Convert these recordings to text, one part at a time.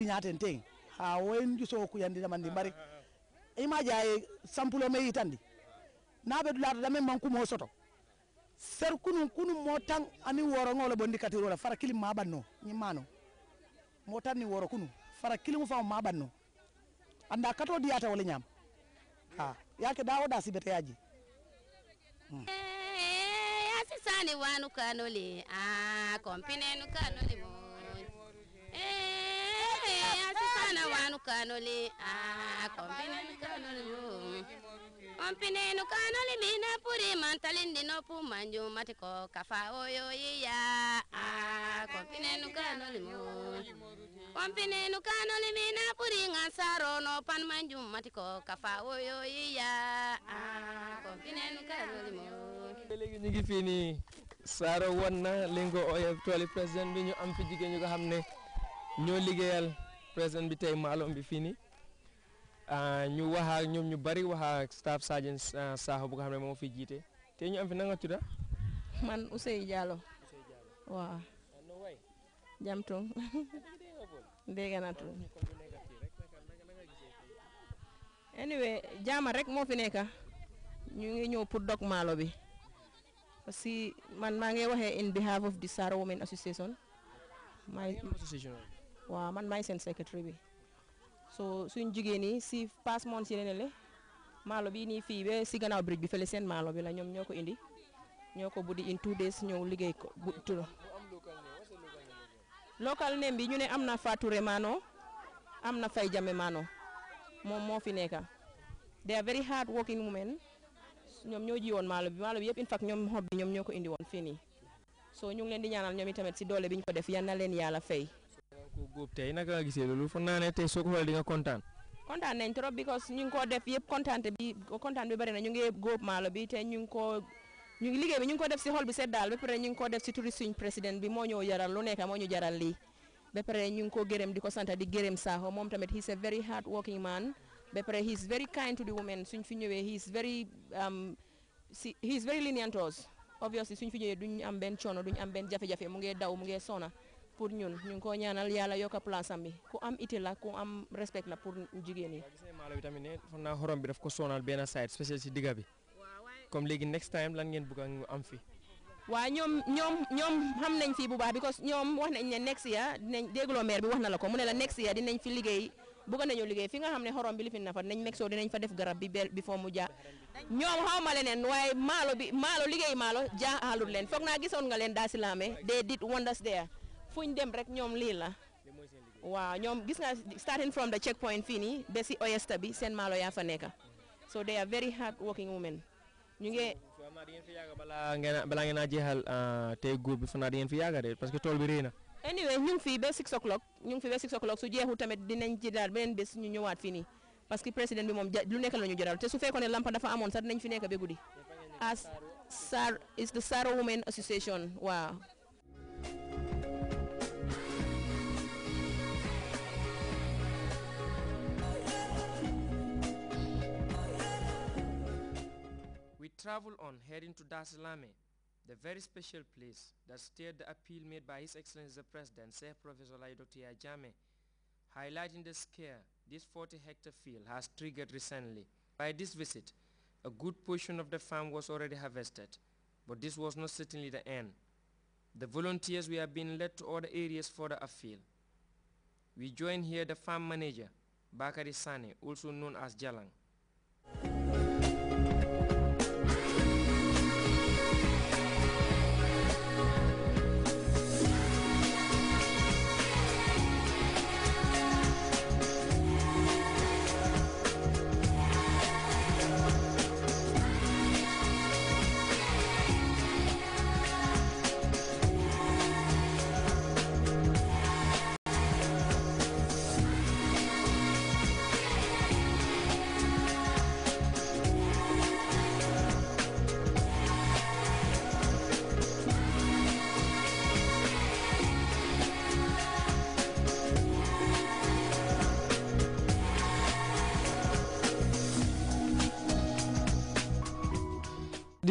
ñaten teng ha woyen juso ku yandi man di eh, sampulo me yitandi na be dulata dame man ku mo soto ser kunu kunu motan ani woro ngolo bondi katiro la fara kilim ma banno ni mano motan ni woro kunu fara kilim fa ma banno anda kato diata wala nyam ha yake dawo da sibete yaji hmm. Eh, ya wanu kanoli ah kompine nu kanoli mo wanu kanoli a kompinenu kanoli kompinenu kanoli mina puri mantalindi nopu manju matiko kafa oyo iya a kompinenu kanoli mu kompinenu kanoli mina puri ngansaro nopan manju matiko kafa oyo iya a kompinenu kanoli mu léegi ñu ngi fii nii Saaro won na li nga ko ooyee tooli président bi ñu am fi jigéen ñu nga xam ne ñoo liggéeyal président bi tey maalom bi fii nii ah, ñu wax ñoom ñu bari wax ak staff sergent ah, Sakho bu xam ne moo fi jiite te ñu am fi na tudda man Ousseyn Diallo waaw ah, jamtum dégg naa tudd anyway jaama rek moo fi nekk ñu ngi ñëw pour dog maalo bi parce que man maa ngi waxee in behalf of the Sarah Women Association. maa ngi waaw man maay seen secrétaire bi so suñ jigéen ñi si passe moon si leneen le maalo bi nii fii ba si gannaaw bridge bi fële seen maalo bi la ñoom ñoo ko indi ñoo ko buddi in two days ñëw liggéey ko bu tulo local name bi ñu ne am na Fature am na Fay Jame Mano moom moo fi nekka they are very hard working women ñoom ñoo ji woon maalo bi maalo bi yëpp in fact ñoom xob ñoom ñoo ko indi woon fii nii so ñu ngi leen di ñaanal ñoom itamit si doole bi ñu ko def yal na leen yàlla fay góob tey naka nga gisee loolu foog naa tey soo ko nga kontaan. kontaan nañ trop because ñu ngi koo def yëpp kontaante bi kontaan bi bari na ñu ngi góob maalo bi te ñu ngi koo ñu liggéey bi ñu ko def si xol bi seet daal ba ko def si turi suñ président bi moo ñëw jaral lu nekk moo ñu jaral lii ba pare ko gërëm di ko sant di gërëm Sakho moom tamit he is a very hard working man ba pare he is very kind to the women suñ fi ñëwee he is very um, he is very lenient to am benn coono duñ am benn jafe-jafe mu ngi daw mu ngi sona pour ñun ñu ko ñaanal yàlla yokk place am bi ku am ité la ku am respect la pour jigen yi. gis nañ maalo bi tamit ne fonna xorom bi daf ko sonal bena side spécial si digga bi comme léegi next time lan ngeen bëgg a am fi. wa ñom ñom ñom xam nañ fi bu baax because ñom wax nañ ne next year dinañ dégloo maire bi wax na la ko mu ne la next year dinañ fi liggéey bukan nañu liggéey fi nga xam ne xorom bi li fi na fa dinañ nekk dinañ fa def garab bi bel bi foo mu ja ñom xawma ma leneen waaye malo bi malo liggéey ja jaaxalul len fokk na gisoon nga len da silamé they did wonders there fuñ dem rek ñom li la waaw ñom gis nga starting from the checkpoint fini besi ba si oyesta bi sen malo ya fa neka so they are very hard working women ñu ngi vraiment di ngeen fi yàgg balaa ngeen balaa ngeen a jeexal ah, tey góor bi fana di ngeen fi yaga de parce que tol bi rëy na anyway ñu ngi fii ba o'clock ñu ngi fii ba o'clock su jeexu tamit dinañ ci dal benen bes ñu ñëwaat fini, nii parce que president bi mom lu nekk lañu jëral te su fekkone lampe dafa amone sax dinañ fi nekk be guddi as sar is the Saro Women Association wow. travel on heading to Dasalame, the very special place that stirred the appeal made by His Excellency the President, Sir Professor Lai Dr. highlighting the scare this 40-hectare field has triggered recently. By this visit, a good portion of the farm was already harvested, but this was not certainly the end. The volunteers have been led to other areas further afield. We join here the farm manager, Bakari Sane, also known as Jalang.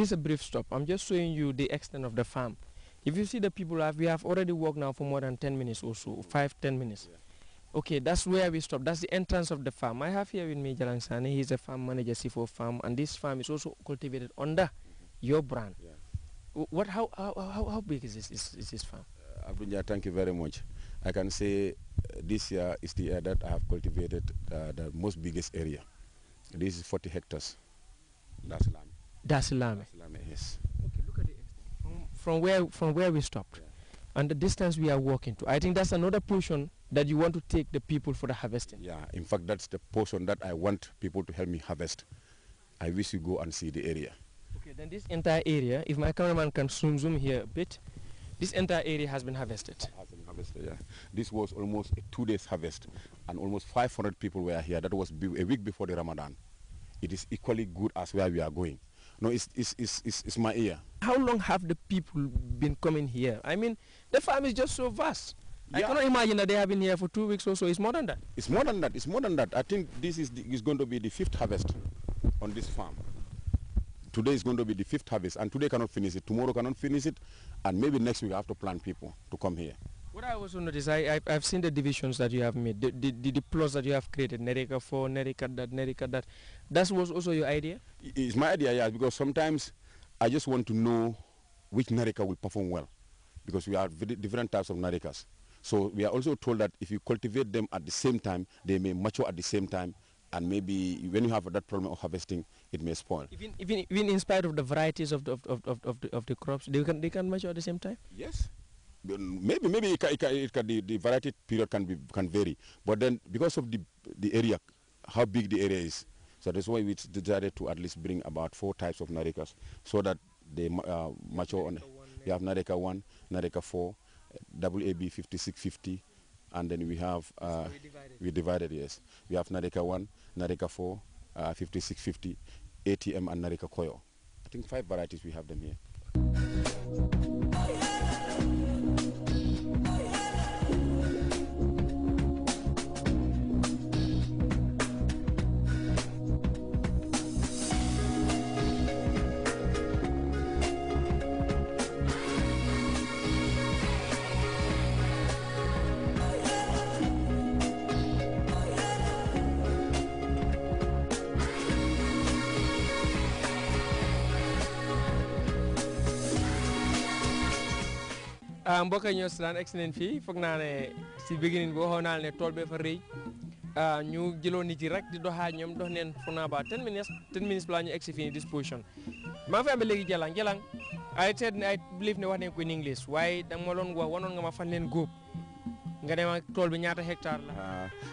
is a brief stop. I'm just showing you the extent of the farm. If you see the people, have, uh, we have already walked now for more than 10 minutes or so, 5, 10 minutes. Yeah. Okay, that's where we stop. That's the entrance of the farm. I have here with me Jalan Sane. He's a farm manager, for farm, and this farm is also cultivated under mm -hmm. your brand. Yeah. What, how, how, how, how big is this, is, is this farm? Uh, thank you very much. I can say uh, this year is the year that I have cultivated uh, the most biggest area. This is 40 hectares. That's land. Dasilame. yes. Okay, look at the extent. From, where, from where we stopped yeah. and the distance we are walking to. I think that's another portion that you want to take the people for the harvesting. Yeah, in fact, that's the portion that I want people to help me harvest. I wish you go and see the area. Okay, then this entire area, if my cameraman can zoom zoom here a bit, this entire area has been harvested. Has been harvested, yeah. This was almost a two days harvest and almost 500 people were here. That was a week before the Ramadan. It is equally good as where we are going no, it's, it's, it's, it's, my ear. How long have the people been coming here? I mean, the farm is just so vast. Yeah. I cannot imagine that they have been here for two weeks or so. It's more than that. It's more than that. It's more than that. I think this is, the, is going to be the fifth harvest on this farm. Today is going to be the fifth harvest, and today cannot finish it. Tomorrow cannot finish it, and maybe next week I have to plan people to come here. What I also noticed, I, I, have seen the divisions that you have made, the, the, the, the plots that you have created, Nereka 4, Nereka that, Nerika, that. That was also your idea? It's my idea, yeah. because sometimes I just want to know which Nereka will perform well, because we have different types of Nerekas. So we are also told that if you cultivate them at the same time, they may mature at the same time, and maybe when you have that problem of harvesting, it may spoil. Even, even, even in spite of the varieties of the, of, of, of, the, of the crops, they can, they can mature at the same time? Yes maybe maybe it can, it can, it can, the, the variety period can be can vary but then because of the the area how big the area is so that's why we decided to at least bring about four types of narikas so that they uh, mature on you have narika 1 narika 4 wab 5650 and then we have uh, so we, divided. we divided yes we have narika 1 narika 4 uh, 5650 atm and narika koyo i think five varieties we have them here Ah, mbokka yi ñoo silaan egsi neen fii foog naa ne si beginning bi waxoon naa ne tool bee fa rëy ah, ñu jëloon nit yi rek di doxaa ñoom dox neen foog naa ba ten minutes ten minutes balaa ñu egsi fii disposition maa ngi fi amee léegi jalang jalang ay teed ay believe ne wax nañ ko in English waaye danga ma loon wax wanoon nga ma fan leen góob nga dem ak tool bi ñaata hectare la ah.